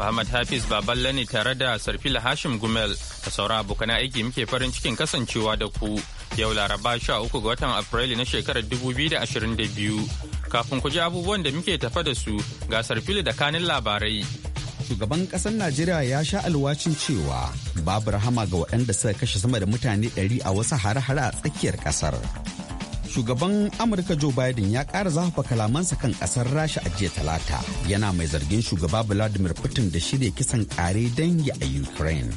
Muhammad Hafiz Baballe ne tare da Sarfila Hashim Gumel da sauran abokan aiki muke farin cikin kasancewa da ku yau Laraba 13 ga watan Afrilu na shekarar 2022. Kafin ku ji abubuwan da muke tafa da su ga Sarfila da kanin labarai. Shugaban ƙasar Najeriya ya sha alwacin cewa babu rahama ga waɗanda suka kashe sama da mutane 100 a wasu hare-hare a tsakiyar ƙasar. shugaban amurka joe biden ya ƙara zafafa kalamansa kan ƙasar rasha a jiya talata yana mai zargin shugaba vladimir putin da shirya kisan ƙare dangi a ukraine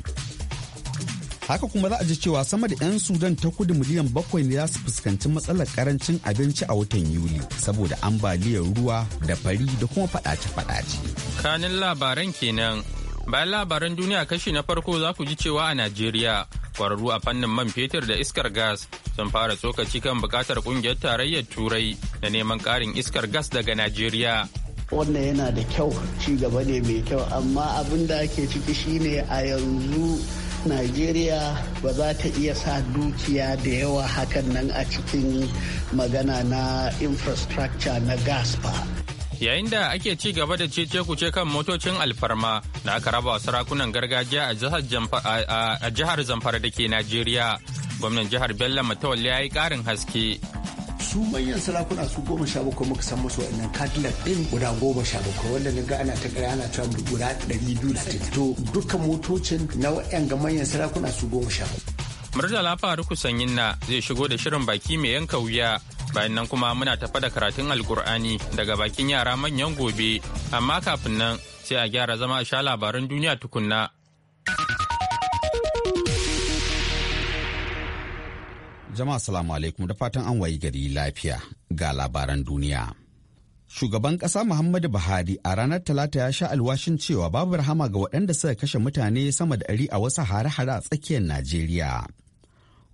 haka kuma za a ji cewa sama da 'yan sudan ta kudu miliyan bakwai ne za su fuskanci matsalar karancin abinci a watan yuli saboda ambaliyar ruwa da fari da kuma faɗace-faɗace. kanin labaran kenan bayan labaran duniya kashi na farko za ku ji cewa a najeriya kwararru a fannin man fetur da iskar gas sun fara tsokaci kan bukatar kungiyar tarayyar turai da neman karin iskar gas daga najeriya wannan yana da kyau ci gaba ne mai kyau amma abin da ake ciki shine a yanzu Najeriya ba za ta iya sa dukiya da yawa hakan nan a cikin magana na infrastructure na gas ba. yayin da ake ci gaba da cece kuce kan motocin alfarma da aka raba sarakunan gargajiya a jihar zamfara da ke najeriya gwamnan jihar bello matawalle ya yi karin haske su manyan sarakuna su goma sha bakwai muka san musu wannan cadillac din guda goma sha bakwai wanda na ga ana ta kare ana cewa guda ɗari biyu to dukkan motocin na wa'yan ga manyan sarakuna su goma sha bakwai murtala faru kusan yinna zai shigo da shirin baki mai yanka wuya bayan nan kuma muna tafa da karatun alkur'ani daga bakin yara manyan gobe amma kafin nan sai a gyara zama a sha labaran duniya tukunna. Jama'a salamu alaikum da fatan an wayi gari lafiya ga labaran duniya. Shugaban ƙasa Muhammadu Buhari a ranar Talata ya sha alwashin cewa babu rahama ga waɗanda suka kashe mutane sama da ɗari a wasu hare-hare a tsakiyar Najeriya.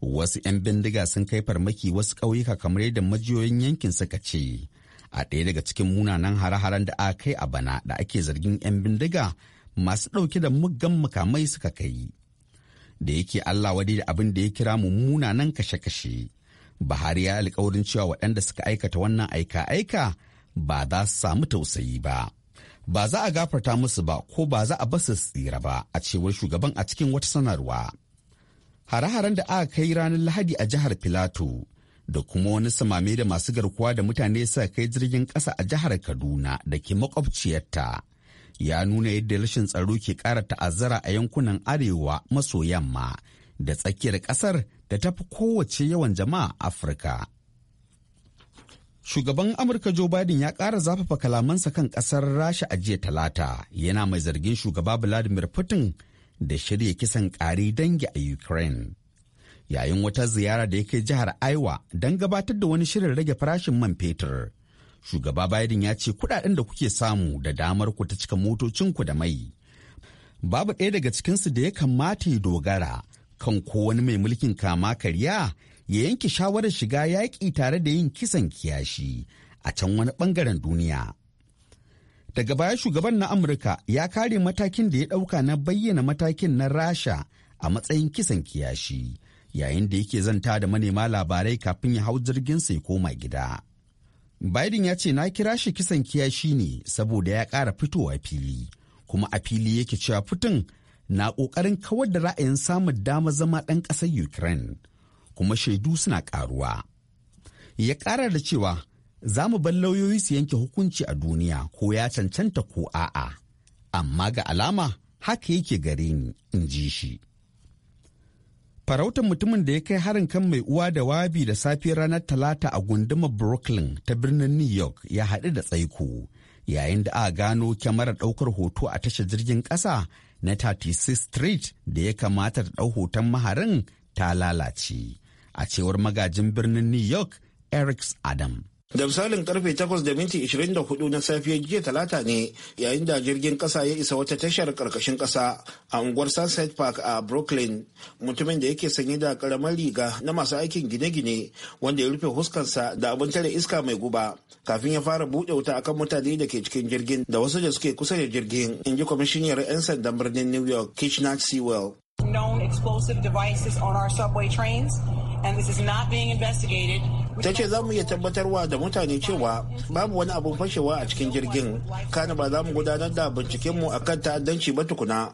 wasu 'yan bindiga sun kai farmaki wasu ƙauyuka kamar yadda majiyoyin yankin suka ce a ɗaya daga cikin munanan hare-haren da aka kai a bana da ake zargin 'yan bindiga masu ɗauke da muggan mukamai suka kai da yake allah wadi da abin da ya kira mu munanan kashe-kashe bahari ya alkawarin cewa waɗanda suka aikata wannan aika-aika ba za su samu tausayi ba ba za a gafarta musu ba ko ba za a basu tsira ba a cewar shugaban a cikin wata sanarwa hare-haren da aka kai ranar lahadi a jihar filato da kuma wani samame da masu garkuwa da mutane sa kai jirgin ƙasa a jihar kaduna da ke makwabciyarta ya nuna yadda rashin tsaro ke ƙara ta'azzara a yankunan arewa maso yamma da tsakiyar ƙasar da ta fi kowace yawan jama'a afirka shugaban amurka joe biden ya ƙara zafafa kalamansa kan ƙasar rasha a jiya talata yana mai zargin shugaba vladimir putin da shirya kisan ƙari dangi a Ukraine. Yayin wata ziyara da yake jihar Iowa don gabatar da wani shirin rage farashin man fetur. Shugaba Biden ya ce kudaden da kuke samu da damar ku ta cika motocinku da mai. Babu ɗaya daga cikinsu da ya kamata ya dogara kan ko wani mai mulkin kama karya ya yanke shawarar shiga yaƙi tare da yin kisan kiyashi a can wani ɓangaren duniya. daga baya shugaban na amurka ya kare matakin da ya ɗauka na bayyana matakin na rasha a matsayin kisan kiyashi yayin da yake zanta da manema labarai kafin ya hau jirgin sai koma gida biden ya ce na kira shi kisan kiyashi ne saboda ya ƙara fitowa fili kuma a fili yake cewa fitin na ƙoƙarin kawar da ra'ayin samun dama zama ɗan ƙasar ukraine kuma shaidu suna ƙaruwa ya ƙara da cewa za mu bar lauyoyi su yanke hukunci a duniya ko ya cancanta ko a'a amma ga alama haka yake gare ni in ji shi farautar mutumin da ya kai harin kan mai uwa da wabi da safiyar ranar talata a gundumar brooklyn ta birnin new york ya haɗu da tsaiko yayin da aka gano kyamarar ɗaukar hoto a tashar jirgin ƙasa na 36 street da ya kamata da ɗau hoton maharin ta lalace a cewar magajin birnin new york eric adam da misalin karfe 8:24 na safiyar jiya talata ne yayin da jirgin kasa ya isa wata tashar karkashin kasa a unguwar sunset park a brooklyn mutumin da yake sanye da karamar riga na masu aikin gine-gine wanda ya rufe huskansa da abin tare iska mai guba kafin ya fara buɗe wuta akan mutane da ke cikin jirgin da wasu da suke kusa da jirgin in ji kwamishiniyar 'yan sandan birnin new york kitchener sewell known explosive devices on our subway trains and this is not being investigated ta ce za mu iya tabbatarwa da mutane cewa babu wani abun fashewa a cikin jirgin kana ba za mu gudanar da bincikenmu a kan ta'addanci ba tukuna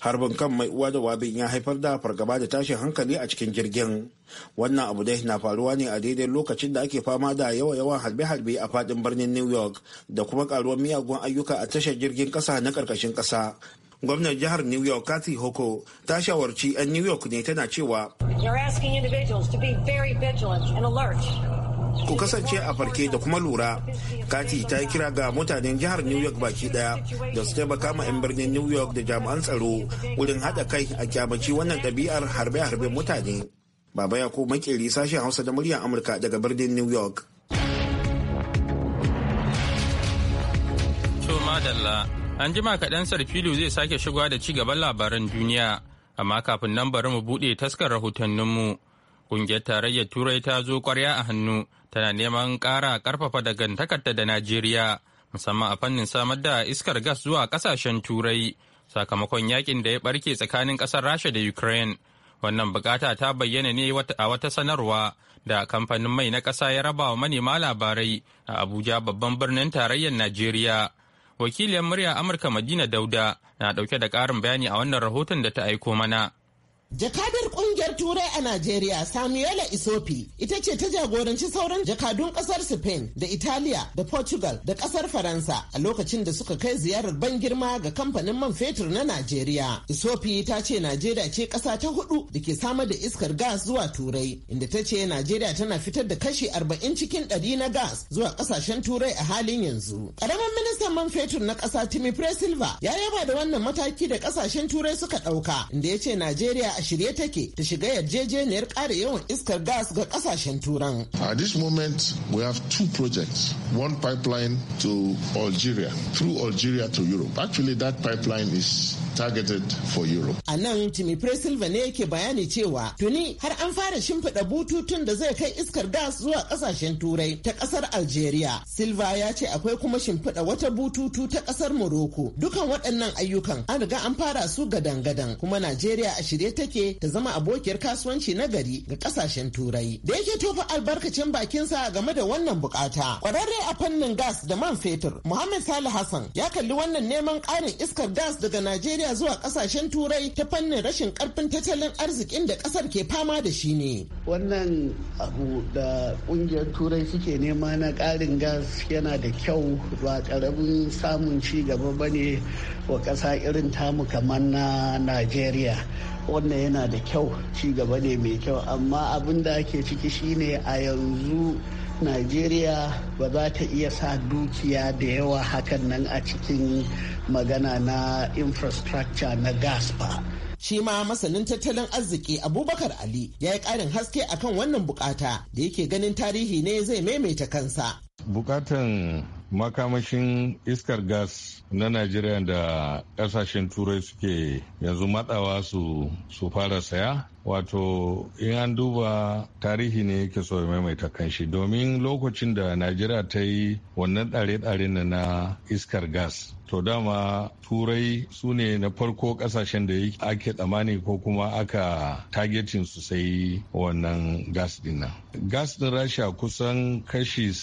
harbin kan mai uwa da wabin ya haifar da fargaba da tashin hankali a cikin jirgin wannan abu dai na faruwa ne a daidai lokacin da ake fama da yawa yawan harbe-harbe a fadin birnin new york da kuma karuwar miyagun ayyuka a tashar jirgin kasa na karkashin kasa gwamnan jihar new york kathy hoko ta shawarci 'yan new york ne tana cewa ku kasance a farke da kuma lura kati ta yi kira ga mutanen jihar new york baki daya da su taimaka ma 'yan birnin new york da jami'an tsaro wurin hada kai a kyamaci wannan ɗabi'ar harbe-harben mutane baba ya ko makeri sashen hausa da muryar amurka daga birnin new york An jima kaɗan Sarfilu zai sake shigowa da ci gaban labaran duniya, amma kafin nan bari mu buɗe taskar rahotanninmu. Ƙungiyar Tarayyar Turai ta zo ƙwarya a hannu, tana neman ƙara ƙarfafa dangantakarta da Najeriya, musamman a fannin samar da iskar gas zuwa ƙasashen Turai, sakamakon yakin da ya ɓarke tsakanin ƙasar Rasha da Ukraine. Wannan bukata ta bayyana ne a wata sanarwa da kamfanin mai na ƙasa ya raba wa manema labarai a Abuja babban birnin tarayyar Najeriya. wakiliyar murya amurka madina dauda na dauke da karin bayani a wannan rahoton da ta aiko mana Jakadar kungiyar Turai a Najeriya Samuela Isopi ita ce ta jagoranci sauran jakadun kasar Spain da Italiya da Portugal da kasar Faransa a lokacin da suka kai ziyarar ban girma ga kamfanin man fetur na Najeriya. Isopi ta ce Najeriya ce kasa ta hudu da ke samar da iskar gas zuwa Turai inda ta ce Najeriya tana fitar da kashi arba'in cikin 100 na gas zuwa kasashen Turai a halin yanzu. Karamin ministan man fetur na kasa Timi Presilva ya yaba da wannan mataki da kasashen Turai suka dauka inda ya ce Najeriya a. shirye take ta shiga yarjejeniyar ƙara yawan iskar gas ga ƙasashen turan. At this moment we have two projects, one pipeline to Algeria, through Algeria to Europe. Actually that pipeline is targeted for Europe. A nan Timi Presilva ne yake bayani cewa tuni har an fara shimfiɗa bututun da zai kai iskar gas zuwa ƙasashen turai ta ƙasar Algeria. Silva ya ce akwai kuma shimfiɗa wata bututu ta ƙasar Morocco. Dukan waɗannan ayyukan an riga an fara su gadan-gadan kuma Najeriya a shirye ta take ta zama abokiyar kasuwanci na gari ga kasashen turai da yake tofa albarkacin bakinsa game da wannan bukata kwararre a fannin gas da man fetur muhammad salih hassan ya kalli wannan neman karin iskar gas daga najeriya zuwa kasashen turai ta fannin rashin karfin tattalin arzikin da kasar ke fama da shi ne wannan abu da kungiyar turai suke nema na karin gas yana da kyau ba karamin samun ci gaba bane wa kasa irin tamu kamar na najeriya wannan yana da kyau ci gaba ne mai kyau amma abin da ake ciki shine a yanzu najeriya ba za ta iya sa dukiya da yawa hakan nan a cikin magana na infrastructure na gas ba shi ma masanin tattalin arziki abubakar ali ya yi ƙarin haske akan wannan bukata da yake ganin tarihi ne zai maimaita kansa bukatan makamashin iskar gas na najeriya da kasashen turai suke yanzu matsawa su su fara saya wato in an duba tarihi ne yake so ya maimaita kanshi domin lokacin da najeriya ta yi wannan tsare-tsare na iskar gas to dama turai su ne na farko kasashen da ake tsamani ko kuma aka targetin su sai wannan gas din nan gas din rasha kusan kashi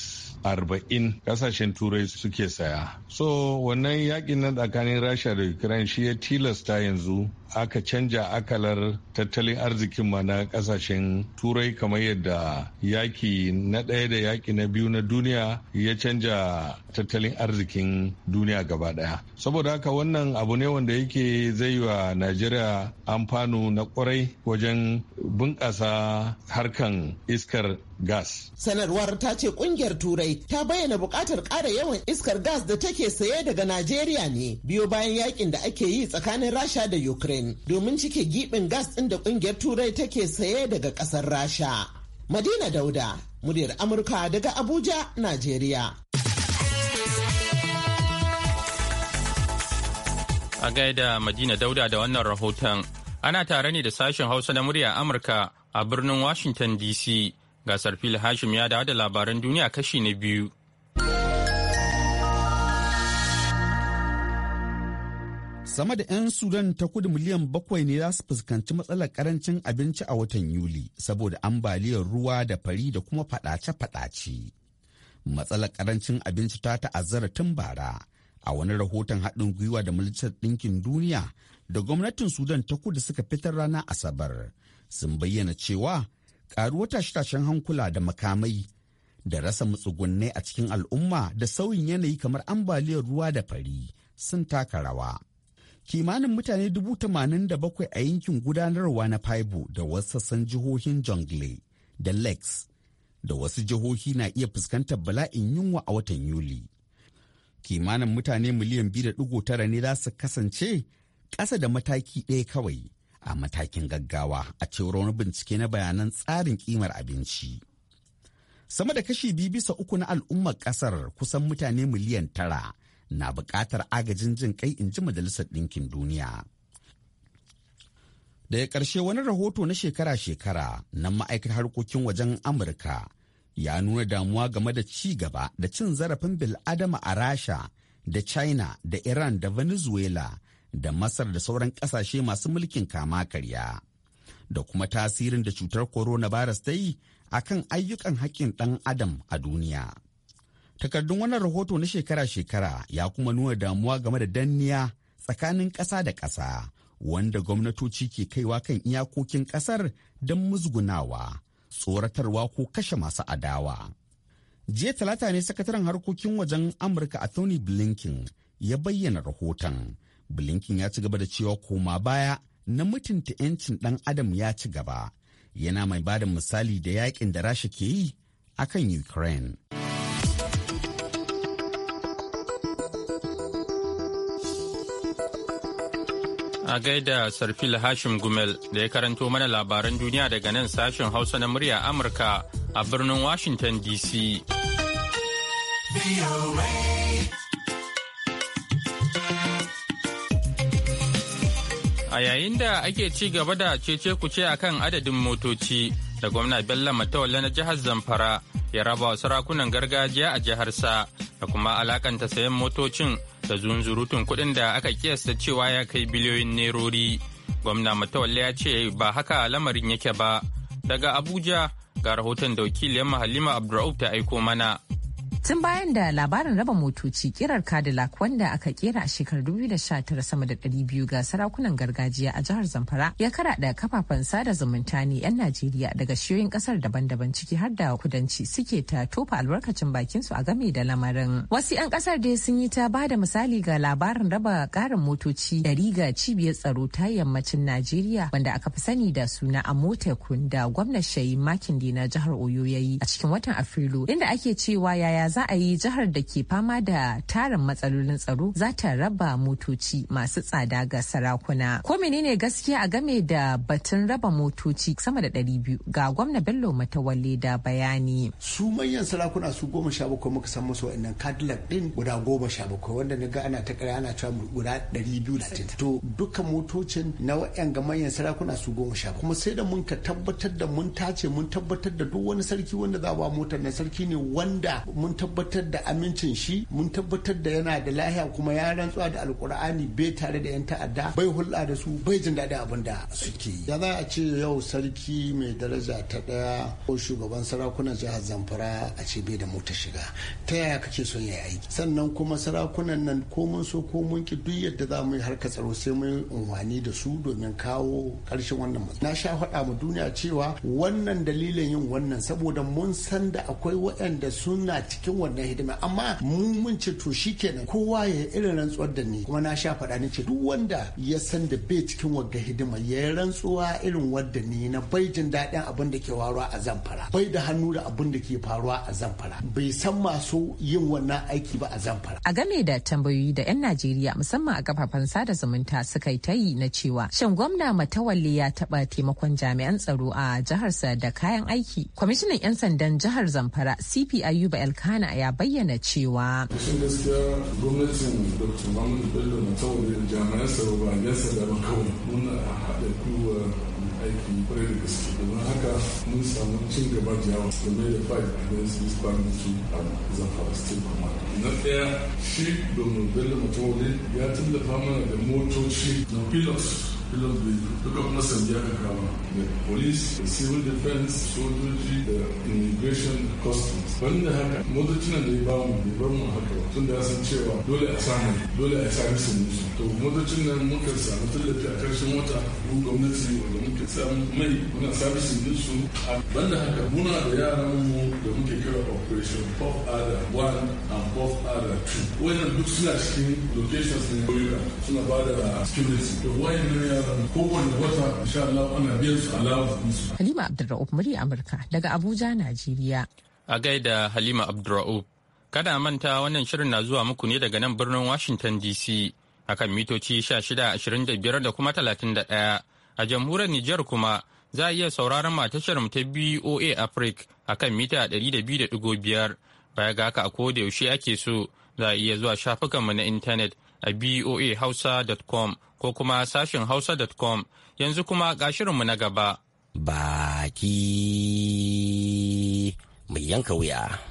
arba'in kasashen turai suke saya so wannan yakin na tsakanin rasha da ukraine shi ya tilasta yanzu aka canja akalar tattalin arzikin ma na kasashen turai kamar yadda yaki na ɗaya da yaki na biyu na duniya ya canja tattalin arzikin duniya gaba ɗaya saboda haka wannan abu ne wanda yake zai wa najeriya amfanu na kwarai wajen bunƙasa harkan iskar gas sanarwar ta ce kungiyar turai ta bayyana buƙatar ƙara yawan iskar gas da take saye daga najeriya ne biyo bayan yakin da ake yi tsakanin rasha da ukraine ukraine domin cike giɓin gas ɗin da ƙungiyar turai take saye daga ƙasar rasha madina dauda muryar amurka daga abuja najeriya a gaida madina dauda da wannan rahoton ana tare ne da sashen hausa na murya amurka a birnin washington dc gasar fil hashim ya dawo da labaran duniya kashi na biyu sama da 'yan sudan ta kudu miliyan bakwai ne za su fuskanci matsalar karancin abinci a watan yuli saboda ambaliyar ruwa da fari da kuma fadace-fadace matsalar karancin abinci ta ta'azzara tun bara a wani rahoton haɗin gwiwa da majalisar ɗinkin duniya da gwamnatin sudan ta kudu suka fitar rana asabar sun bayyana cewa ƙaruwar tashe-tashen hankula da makamai da rasa matsugunnai a cikin al'umma da sauyin yanayi kamar ambaliyar ruwa da fari sun taka rawa. kimanin mutane dubu tamanin da bakwai a yankin gudanarwa na Faibo da wasu sassan jihohin Jongle da Lakes da wasu jihohi na iya fuskantar bala'in yunwa a watan Yuli. Kimanin mutane miliyan biyu da tara ne za su kasance ƙasa da mataki ɗaya kawai a matakin gaggawa a cewar wani bincike na bayanan tsarin kimar abinci. Sama da kashi biyu bisa uku na al'ummar ƙasar kusan mutane miliyan tara na buƙatar agajin jin kai in ji majalisar ɗinkin duniya. Daga ƙarshe wani rahoto na shekara-shekara na ma'aikatar harkokin wajen Amurka ya nuna damuwa game da ci gaba da cin zarafin bil'adama a Rasha da China da Iran da Venezuela da Masar da sauran ƙasashe masu mulkin kama karya. Da kuma tasirin da cutar coronavirus ta yi a kan ayyukan haƙƙin ɗan adam a duniya. takardun wannan rahoto na shekara-shekara ya kuma nuna damuwa game da danniya tsakanin ƙasa da ƙasa wanda gwamnatoci ke kaiwa kan iyakokin ƙasar don musgunawa tsoratarwa ko kashe masu adawa jiya talata ne sakataren harkokin wajen amurka a tony blinken ya bayyana rahoton blinken ya ci gaba da cewa koma baya na mutunta 'yancin ɗan adam ya ci gaba yana mai ba da misali da yakin da rasha ke yi akan ukraine A gaida Sarfil Hashim Gumel da ya karanto mana labaran duniya daga nan sashen Hausa na murya Amurka a birnin Washington DC. A yayin da ake ci gaba da cece kuce a kan adadin motoci da gwamna Bello Matawalle na jihar Zamfara ya raba wa sarakunan gargajiya a jiharsa da kuma alakanta sayan motocin da zunzurutun kuɗin da aka kiyasta cewa ya kai biliyoyin nerori. Gwamna Matawalle ya ce ba haka lamarin yake ba. Daga Abuja ga rahoton da wakiliyar Halima Abdurrauf ta aiko mana. tun bayan da labarin raba motoci kirar cadillac wanda aka kera a shekarar 2019 sama da 200 ga sarakunan gargajiya a jihar zamfara ya kara da kafafen sada zumunta ne 'yan najeriya daga shiyoyin kasar daban-daban ciki har da kudanci suke ta tofa albarkacin bakin su a game da lamarin wasu 'yan kasar dai sun yi ta ba da misali ga labarin raba karin motoci dari ga cibiyar tsaro ta yammacin najeriya wanda aka fi sani da suna a motekun da gwamnan shayi makindi na jihar oyo yayi a cikin watan afrilu inda ake cewa yaya za za a yi jihar da ke fama da tarin matsalolin tsaro za ta raba motoci masu tsada ga sarakuna. Ko menene gaskiya a game da batun raba motoci sama da ɗari biyu ga gwamna Bello Matawalle da bayani. Su manyan sarakuna su goma sha bakwai muka san musu wa'annan Cadillac ɗin guda goma sha bakwai wanda na ga ana ta ƙarya ana cewa guda ɗari biyu latin. To dukkan motocin na wa'yan ga manyan sarakuna su goma sha kuma sai da mun ka tabbatar da mun tace mun tabbatar da duk wani sarki wanda za ba motar na sarki ne wanda mun tabbatar tabbatar da amincin shi mun tabbatar da yana da lahiya kuma ya rantsuwa da alkur'ani bai tare da yan ta'adda bai hulɗa da su bai jin daɗin abin da suke yi ya za a ce yau sarki mai daraja ta ɗaya ko shugaban sarakunan jihar zamfara a ce bai da mota shiga ta yaya kake son ya aiki sannan kuma sarakunan nan ko mun so ko mun ki duk yadda za mu yi harka tsaro sai mun yi unwani da su domin kawo ƙarshen wannan matsala na sha faɗa mu duniya cewa wannan dalilin yin wannan saboda mun san da akwai waɗanda suna cikin cikin wannan hidima amma mu mun ce to shikenan kowa ya irin rantsuwar da ni kuma na sha faɗa ni ce duk wanda ya san da bai cikin wagga hidima ya yi rantsuwa irin wadda ni na bai jin daɗin abin da ke faruwa a zamfara bai da hannu da abin da ke faruwa a zamfara bai san masu yin wannan aiki ba a zamfara. A game da tambayoyi da 'yan Najeriya musamman a kafafen sada zumunta suka yi ta yi na cewa shin gwamna matawalle ya taɓa taimakon jami'an tsaro a jiharsa da kayan aiki. Kwamishinan 'yan sandan jihar Zamfara CP Ayuba Ghana ya bayyana cewa. Kashin gaskiya gwamnatin Dr. Muhammadu Bello na tawaye jami'an tsaro ba yasa da ba kawai muna haɗa gwiwa aiki kwarai da gaske domin haka mun samu cin gaba da yawa game da fight against this banditry a zamfara state command na ɗaya shi domin bello matawale ya tallafa mana da motoci na pilots duk sanje aka kama da police da civil defense sojoji da immigration customs ban da haka motocin da ya bamu bai bar mu haka ba tun da ya san cewa dole a samu dole a sami su to motocin nan muka samu tallafi a karshen wata gwamnati samun mai muna sabisin dinsu a banda haka muna da yaran mu da muke kira operation pop ada 1 and pop ada 2 wannan duk suna cikin locations ne koyuka suna ba da security da wayannan yaran kowane wata insha Allah ana biyan su alawa musu Halima Abdulrauf murya Amurka daga Abuja Najeriya a gaida Halima Abdulrauf kada manta wannan shirin na zuwa muku ne daga nan birnin Washington DC akan mitoci 1625 da kuma 31 A jamhuriyar Nijar kuma za a iya sauraron matashar ta BOA Africa a kan mita 200.5 baya ga haka a koda yaushe ake so za a iya zuwa shafukanmu na intanet a boahausa.com ko kuma sashin hausa.com yanzu kuma ga shirinmu na gaba. Baki mai yanka wuya.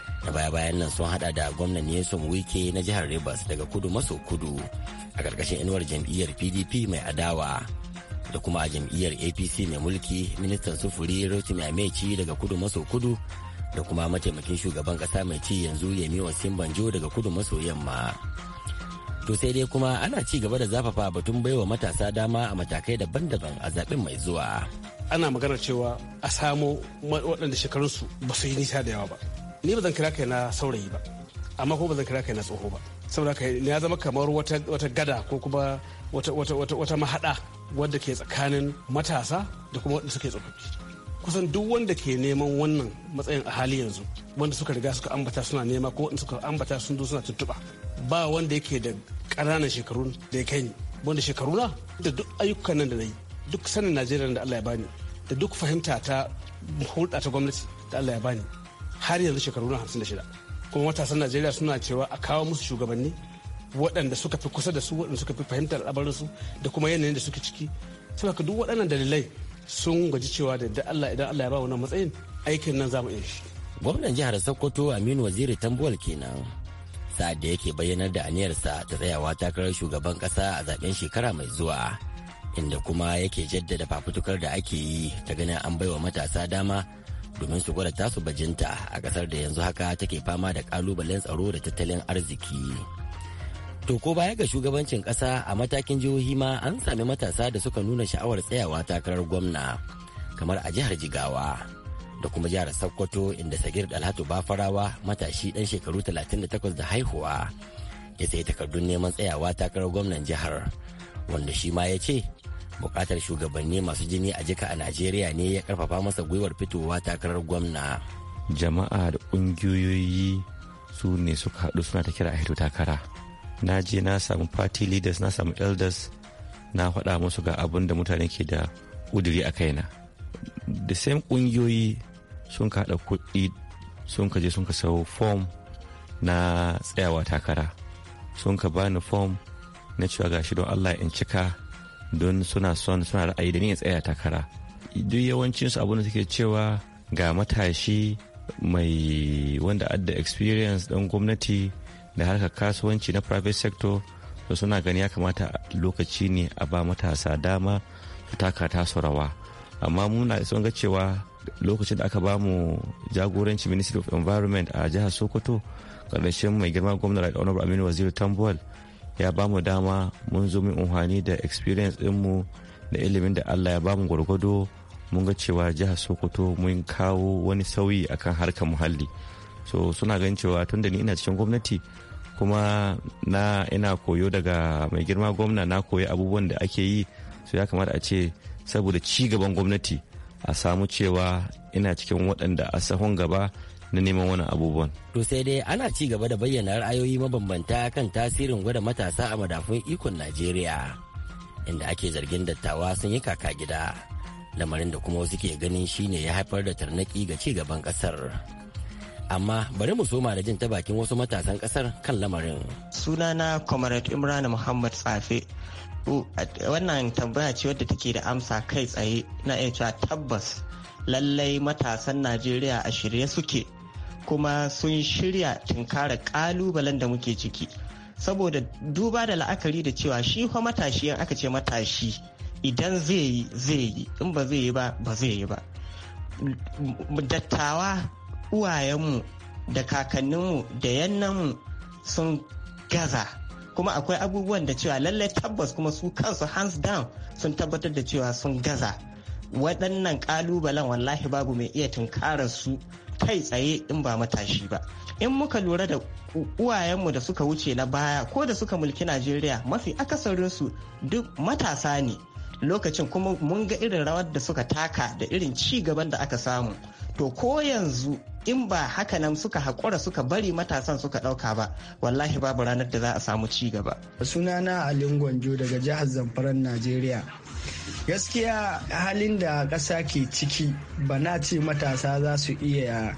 na baya-bayan nan sun hada da gwamnan Yesom Wike na jihar Rivers daga kudu maso kudu a karkashin inuwar jam'iyyar PDP mai adawa da kuma a jam'iyyar APC mai mulki ministan sufuri Rotimi Amechi daga kudu maso kudu da kuma mataimakin shugaban kasa mai ci yanzu Yemi banjo daga kudu maso yamma. To sai dai kuma ana ci gaba da zafafa batun baiwa matasa dama a matakai daban-daban a zaɓen mai zuwa. Ana magana cewa a samo waɗanda shekarunsu ba su yi nisa da yawa ba. ni ba zan kira kai na saurayi ba amma ko ba zan kira kai na tsoho ba saboda kai ya zama kamar wata wata gada ko kuma wata wata wata wata mahada wadda ke tsakanin matasa da kuma wadda suke tsofaffi kusan duk wanda ke neman wannan matsayin a hali yanzu wanda suka riga suka ambata suna nema ko wanda suka ambata sun zo suna tuntuɓa ba wanda yake da ƙananan shekaru da ya kai ni wanda shekaru na da duk ayyukan nan da na yi duk sanin najeriya da allah ya bani da duk fahimta ta hulɗa ta gwamnati da allah ya bani har yanzu shekaru na hamsin da shida kuma matasan najeriya suna cewa a kawo musu shugabanni waɗanda suka fi kusa da su waɗanda suka fi fahimtar su da kuma yanayin da suke ciki saboda duk waɗannan dalilai sun gaji cewa da da Allah idan Allah ya ba wannan matsayin aikin nan zamu iya shi gwamnan jihar Sokoto Aminu Waziri Tambuwal kenan sa'ad da yake bayyanar da aniyarsa ta tsayawa takarar shugaban kasa a zaben shekara mai zuwa inda kuma yake jaddada fafutukar da ake yi ta ganin an baiwa matasa dama domin su gwada tasu bajinta a kasar da yanzu haka take fama da kalubalen tsaro da tattalin arziki to ko baya ga shugabancin kasa a matakin jihohi ma an sami matasa da suka nuna sha'awar tsayawa takarar gwamna kamar a jihar jigawa da kuma jihar sokoto inda sagir dalhatu bafarawa matashi dan shekaru 38 da haihuwa ya sayi takardun neman tsayawa takarar gwamnan jihar wanda shi ma ya ce bukatar shugabanni masu jini a jika a najeriya ne ya karfafa masa gwiwar fitowa takarar gwamna jama'a da kungiyoyi su ne suka haɗu suna ta kira a hito takara na je na samu party leaders na samu elders na faɗa musu ga abin da mutane ke da ƙudiri a kaina da same kungiyoyi sun ka haɗa kuɗi sun ka je sun ka sau form na tsayawa takara sun ka bani form na cewa gashi don allah in cika don suna son suna ra'ayi da ni ya tsaya takara duk yawancinsu abin da suke cewa ga matashi mai wanda adda experience ɗan gwamnati da harkar kasuwanci na private sector to suna gani ya kamata lokaci ne a ba matasa dama su taka su rawa amma muna son ga cewa lokacin da aka ba mu jagoranci ministry of environment a jihar sokoto ƙarshen mai girma gwamnati right honorable aminu waziri tambuwal ya ba mu dama mun zo mu amfani da experience ɗinmu da ilimin da allah ya ba mu gwargwado mun ga cewa jihar sokoto mun kawo wani sauyi akan harkar muhalli so suna ganin cewa tunda ni ina cikin gwamnati kuma na ina koyo daga mai girma gwamna na koyi abubuwan da ake yi so ya kamata a ce saboda ci gaban gwamnati a samu cewa ina cikin waɗanda a sahun gaba na neman wani abubuwan. To sai dai ana ci gaba da bayyana ra'ayoyi mabambanta kan tasirin gwada matasa a madafun ikon Najeriya inda ake zargin dattawa sun yi kaka gida lamarin da kuma wasu ke ganin shine ya haifar da tarnaki ga ci gaban kasar. amma bari mu soma da jin ta bakin wasu matasan kasar kan lamarin. Sunana Comrade Imran Muhammad Tsafe wannan tambaya ce wadda take da amsa kai tsaye na iya cewa tabbas lallai matasan najeriya a shirye suke kuma sun shirya tunkara kalubalen da muke ciki saboda duba da la'akari da cewa shi fa matashi yan aka ce matashi idan zai yi zai yi in ba zai yi ba ba zai yi ba dattawa uwayenmu da kakanninmu da yannanmu sun gaza kuma akwai abubuwan da cewa lallai tabbas kuma su kansu hands down sun tabbatar da cewa sun gaza waɗannan ƙalubalen wallahi babu mai iya tunkarar su kai tsaye in ba matashi ba in muka lura da uwayenmu da suka wuce na baya ko da suka mulki najeriya mafi su duk matasa ne lokacin kuma mun ga irin rawar da suka taka da irin ci gaban da aka samu to ko yanzu in ba haka nan suka haƙura suka bari matasan suka ɗauka ba wallahi babu ranar da za a samu ci gaba. sunana alin gwanjo daga jihar zamfaran najeriya gaskiya halin da ƙasa ke ciki ba na ce matasa za su iya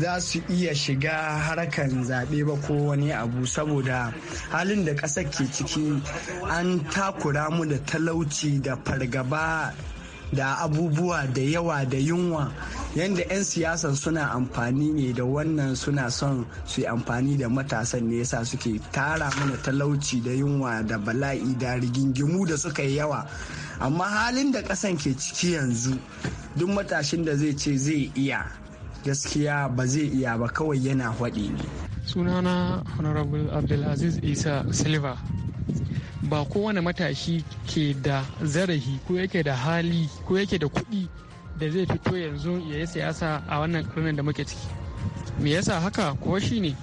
za su iya shiga harkan zaɓe ba ko wani abu saboda halin da ƙasa ke ciki an takura mu da talauci da fargaba da abubuwa da yawa da yunwa yadda 'yan siyasan suna amfani ne da wannan suna son su yi amfani da matasan ne yasa suke tara mana talauci da yunwa da bala'i da rigingimu da suka yi yawa amma halin da kasan ke ciki yanzu duk matashin da zai ce zai iya gaskiya ba zai iya ba kawai yana faɗi ne sunana honorable abdulaziz isa silva ba kowane matashi ke da zarafi ko yake da hali ko yake da kuɗi da zai fito yanzu ya yi siyasa a wannan karnin da muke ciki me yasa haka kuwa shine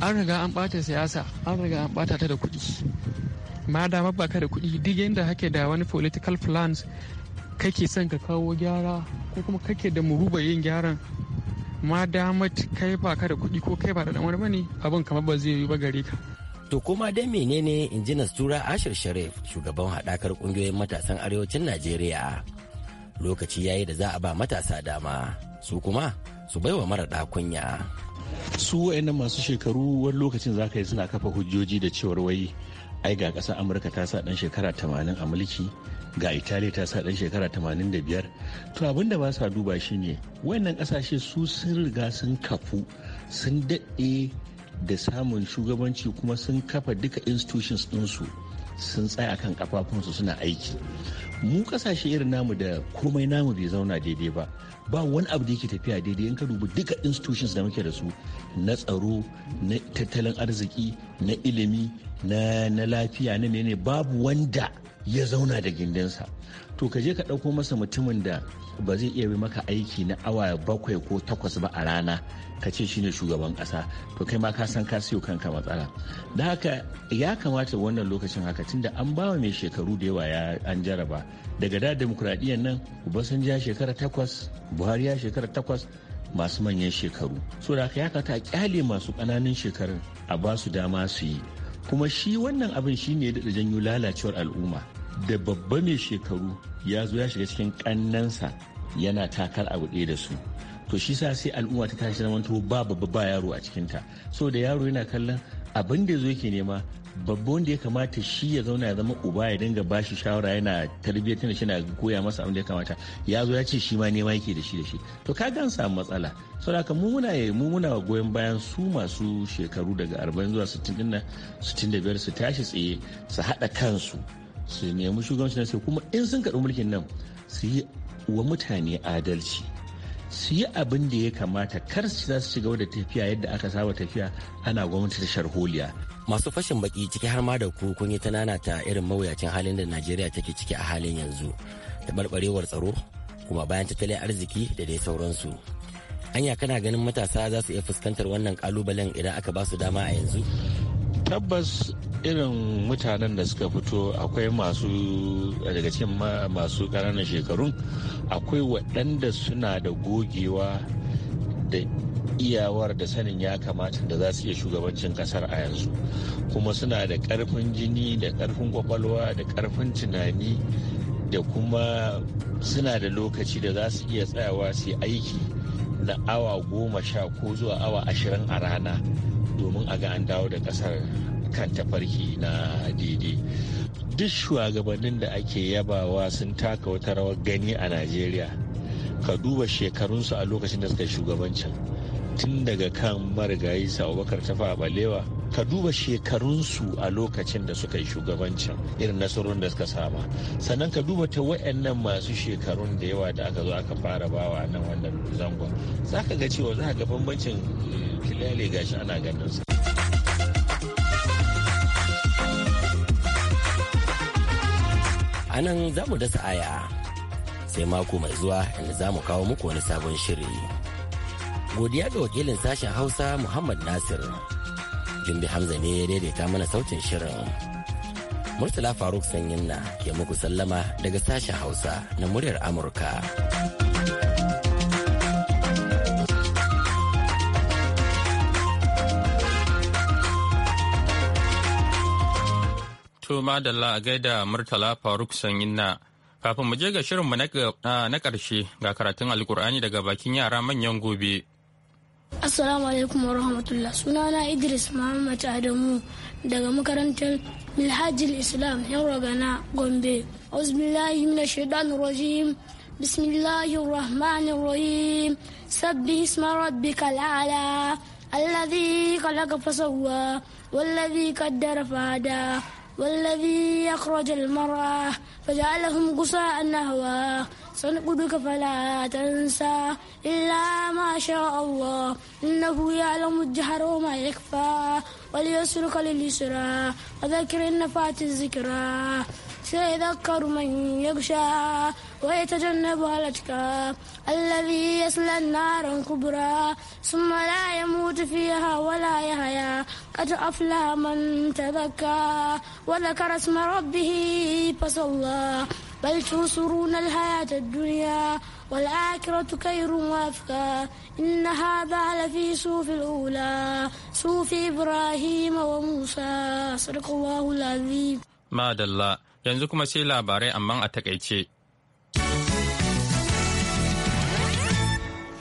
an riga an ɓata siyasa an riga an ɓata ta da kuɗi ma damar ka da kuɗi duk yadda hake da wani political plans kake son ka kawo gyara ko kuma kake da muruba yin gyaran ma damar kai baka da kuɗi ko kai ba da wani bane abin kamar ba zai yi ba gare ka To kuma dai menene injinas Tura Ashir Sharif shugaban haɗakar ƙungiyoyin matasan arewacin Najeriya. Lokaci yayi da za a ba matasa dama su kuma su baiwa mara kunya. Su wa'annan masu shekaru wani lokacin za ka yi suna kafa hujjoji da cewar wai ai ga ƙasar Amurka ta sa ɗan shekara tamanin a mulki ga Italiya ta sa ɗan shekara tamanin da biyar. To abinda da ba sa duba shine wayannan ƙasashe su sun riga sun kafu sun daɗe da samun shugabanci kuma sun kafa duka institutions ɗinsu sun tsaya kan kafafunsu suna aiki mu kasashe irin namu da komai namu bai zauna daidai ba ba wani abu da yake tafiya daidai in ka dubi duka institutions da muke da su na tsaro na tattalin arziki na ilimi na lafiya na menene babu wanda ya zauna da gindinsa to ka je ka ɗauko masa mutumin da ba zai iya maka aiki na awa bakwai ko takwas ba a rana ka ce shine shugaban ƙasa to kai ma ka san ka siyo kanka matsala da haka ya kamata wannan lokacin haka tun da an bawa mai shekaru da yawa ya an jaraba daga da demokuraɗiyyar nan ubasan ja shekara takwas buhari ya shekara takwas masu manyan shekaru so da ya kata kyale masu ƙananan shekarun a ba su dama su yi kuma shi wannan abin shi ne da janyo lalacewar al'umma da babba mai shekaru ya zo ya shiga cikin ƙannansa yana takar abu ɗaya da su to shi sa sai al'umma ta tashi zama ba babba ba yaro a cikinta so da yaro yana kallon abin da zo yake nema babba wanda ya kamata shi ya zauna ya zama uba ya dinga ba shi shawara yana tarbiyyar na shi na koya masa abin da ya kamata ya zo ya ce shi ma nema yake da shi da shi to ka gan samu matsala saboda mu muna mu muna goyon bayan su masu shekaru daga 40 zuwa 60 din nan 65 su tashi tsaye su hada kansu su nemi shugabanci na sai kuma in sun karɓi mulkin nan su yi wa mutane adalci su yi abin da ya kamata kar su za su shiga da tafiya yadda aka saba tafiya ana gwamnati da sharholiya masu fashin baki ciki har ma da ku kun yi ta nanata irin mawuyacin halin da najeriya take ciki a halin yanzu barbarewar tsaro kuma bayan tattalin arziki da dai sauransu anya kana ganin matasa za su iya fuskantar wannan kalubalen idan aka ba su dama a yanzu tabbas irin mutanen da suka fito akwai masu daga cikin masu ƙananan shekarun akwai waɗanda suna da gogewa da iyawar da sanin ya kamata da za su iya shugabancin kasar a yanzu kuma suna da karfin jini da karfin kwakwalwa da karfin tunani da kuma suna da lokaci da za su iya tsayawa su yi aiki na awa goma sha ko zuwa awa ashirin a rana domin a ga an dawo da kasar kan tafarki na daidai duk shugabannin da ake yabawa sun taka wata rawar gani a najeriya ka duba shekarunsu a lokacin da suka yi shugabancin tun daga kan marigayi abubakar tafa a balewa ka duba shekarunsu a lokacin da suka yi shugabancin irin nasarorin da suka sama sannan ka duba ta wayannan masu shekarun da yawa da aka zo aka fara bawa nan wannan zangon za ka ga cewa za ka ga bambancin eh, kilale gashi ana ganin sa a nan za mu dasa sa'aya. sai mako mai zuwa inda za mu kawo muku wani sabon shiri. Godiya ga wakilin sashen Hausa Muhammad Nasir. Jumbi Hamza ne ya daidaita mana sautin shirin. Murtala Faruk Sanyinna ke muku sallama daga sashen Hausa na muryar Amurka. To madalla a gaida Murtala Faruk Sanyin Kafin mu je ga shirinmu na karshe ga karatun Alkur'ani daga bakin yara manyan gobe. Assalamu alaikum wa sunana Idris Muhammad Adamu daga makarantar Milhajil Islam yan ragana Gombe. Auzubillahi minash shaidan rajim. Bismillahir rahmanir rahim. Sabbi isma rabbikal a'la. Alladhi khalaqa fasawwa. Walladhi qaddara fada. والذي يخرج المرأة فجعلهم قصاء النهوى سنقدك فلا تنسى إلا ما شاء الله إنه يعلم الجهر وما يكفى وليسرك لليسرى وذكر النفات الذكرى سيذكر من يخشى ويتجنبها الأتقى الذي يصلى النار الكبرى ثم لا يموت فيها ولا يحيا قد أفلح من تذكى وذكر اسم ربه فصلى بل تنصرون الحياة الدنيا والآخرة خير وأبقى إن هذا لفي صوف الأولى صوف إبراهيم وموسى صدق الله العظيم ما دلّ yanzu kuma sai labarai amma a takaice.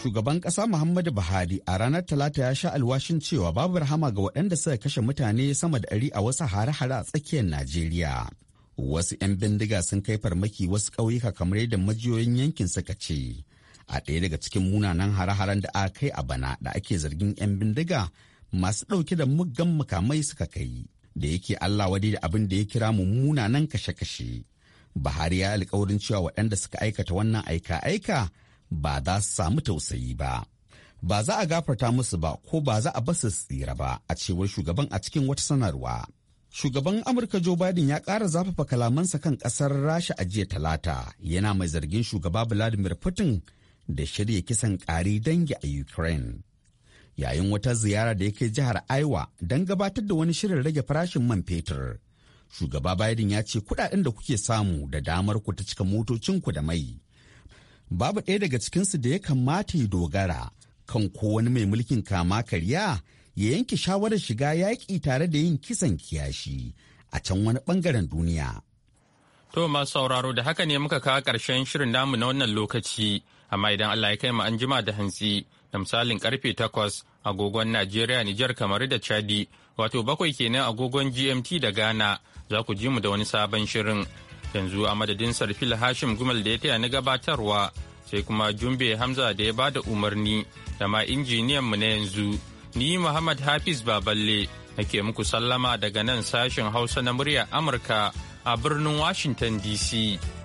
Shugaban ƙasa Muhammadu Buhari a ranar Talata ya sha alwashin cewa babu rahama ga waɗanda suka kashe mutane sama da ɗari a wasu hare-hare a tsakiyar Najeriya. Wasu 'yan bindiga sun kai farmaki wasu ƙauyuka kamar yadda majiyoyin yankin suka ce. A ɗaya daga cikin munanan hare-haren da aka kai a bana da ake zargin 'yan bindiga masu ɗauke da muggan mukamai suka kai. da yake Allah wadi da abin da ya kira nan kashe-kashe. Buhari ya alkawarin cewa waɗanda suka aikata wannan aika-aika ba za su samu tausayi ba. Ba za a gafarta musu ba ko ba za a basu tsira ba a cewar shugaban a cikin wata sanarwa. Shugaban Amurka Joe Biden ya ƙara zafafa kalamansa kan ƙasar Rasha a jiya talata yana mai zargin shugaba Vladimir Putin da shirya kisan ƙari dangi a Ukraine. yayin wata ziyara da ya jihar Aiwa don gabatar da wani shirin rage farashin man fetur. Shugaba Biden ya ce kudaden da kuke samu da damar ku ta cika ku da mai. Babu ɗaya daga cikinsu da ya kamata ya dogara kan ko wani mai mulkin kama karya ya yanke shawarar shiga yaƙi tare da yin kisan kiyashi a can wani bangaren duniya. To masu sauraro da haka ne muka kawo ƙarshen shirin namu na wannan lokaci, amma idan Allah ya kai mu an jima da hantsi. da misalin karfe 8 agogon Najeriya, Nijar, kamar da Chadi, wato bakwai kenan agogon GMT da Ghana za ku ji mu da wani sabon shirin. Yanzu a madadin Sarfil Hashim Gumal da ya taya na gabatarwa, sai kuma Jumbe Hamza da ya bada umarni da ma injiniyan mu na yanzu. Ni Muhammad Hafiz Baballe nake muku sallama daga nan sashen Hausa na murya Amurka a birnin Washington DC.